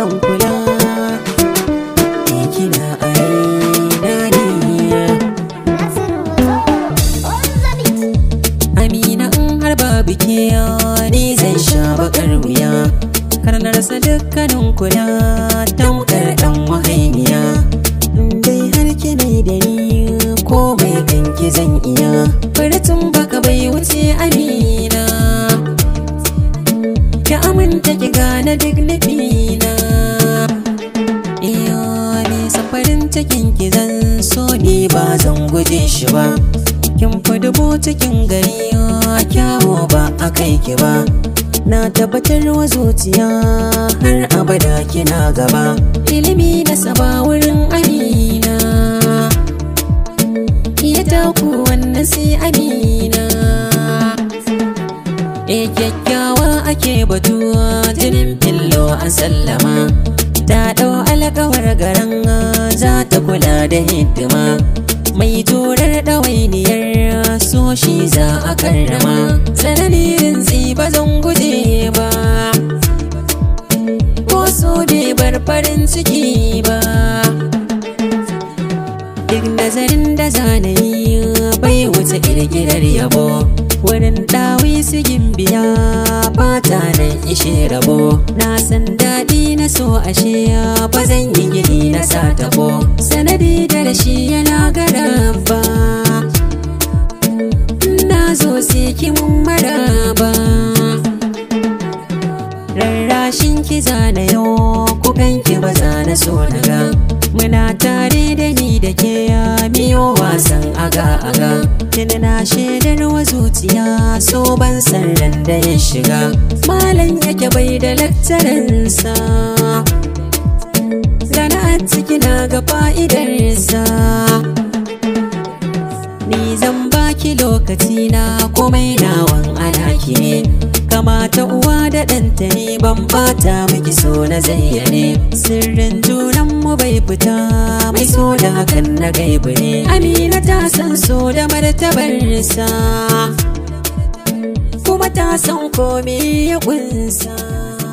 zan kula kina a raina Amina in har ba biki ni zan sha bakar wuya kar na rasa dukkanin kula tamkar dan wahaimiya dai har kinai da ni ko bai ganki zan iya furtun baka bai wuce amina ki aminta ki gane duk so ni ba zan guje shi ba kin fi dubu cikin gari kyawo ba a kai ki ba na tabbatar wa zuciya har abada kina gaba ilimi da saba wurin amina ya taku wannan sai amina e kyakkyawa ake batuwa jinin fillo a sallama ta ɗau alkawar garan kula da hidima mai turar ɗawainiyar so shi za a karrama tsananin tsiba zan guje ba ko so bai bar farin ciki ba duk nazarin da zanayi bai wuce ƙirƙirar yabo wurin ɗawi su gimbiya ba ta nan ishe rabo na san daɗi na so ashe ba zan yi gini na sa tabo sabida da shi yana garaba na zo siki mun maraba rarrashin kiza na yau ku ganki ba na so na ga muna tare da ni da ke ya biyo wasan aga-aga tuni na shaidar wa zuciya so ban san da ya shiga malam yake bai da sa halatti kina ga fa'idarsa ni zan baki lokaci na komai nawan alaki ne kamata uwa da ɗanta ne ban bata miki so na zayyane sirrin junanmu bai fita mai so da hakan na gaibu ne amina ta san so da martabarsa kuma ta san komai ya kunsa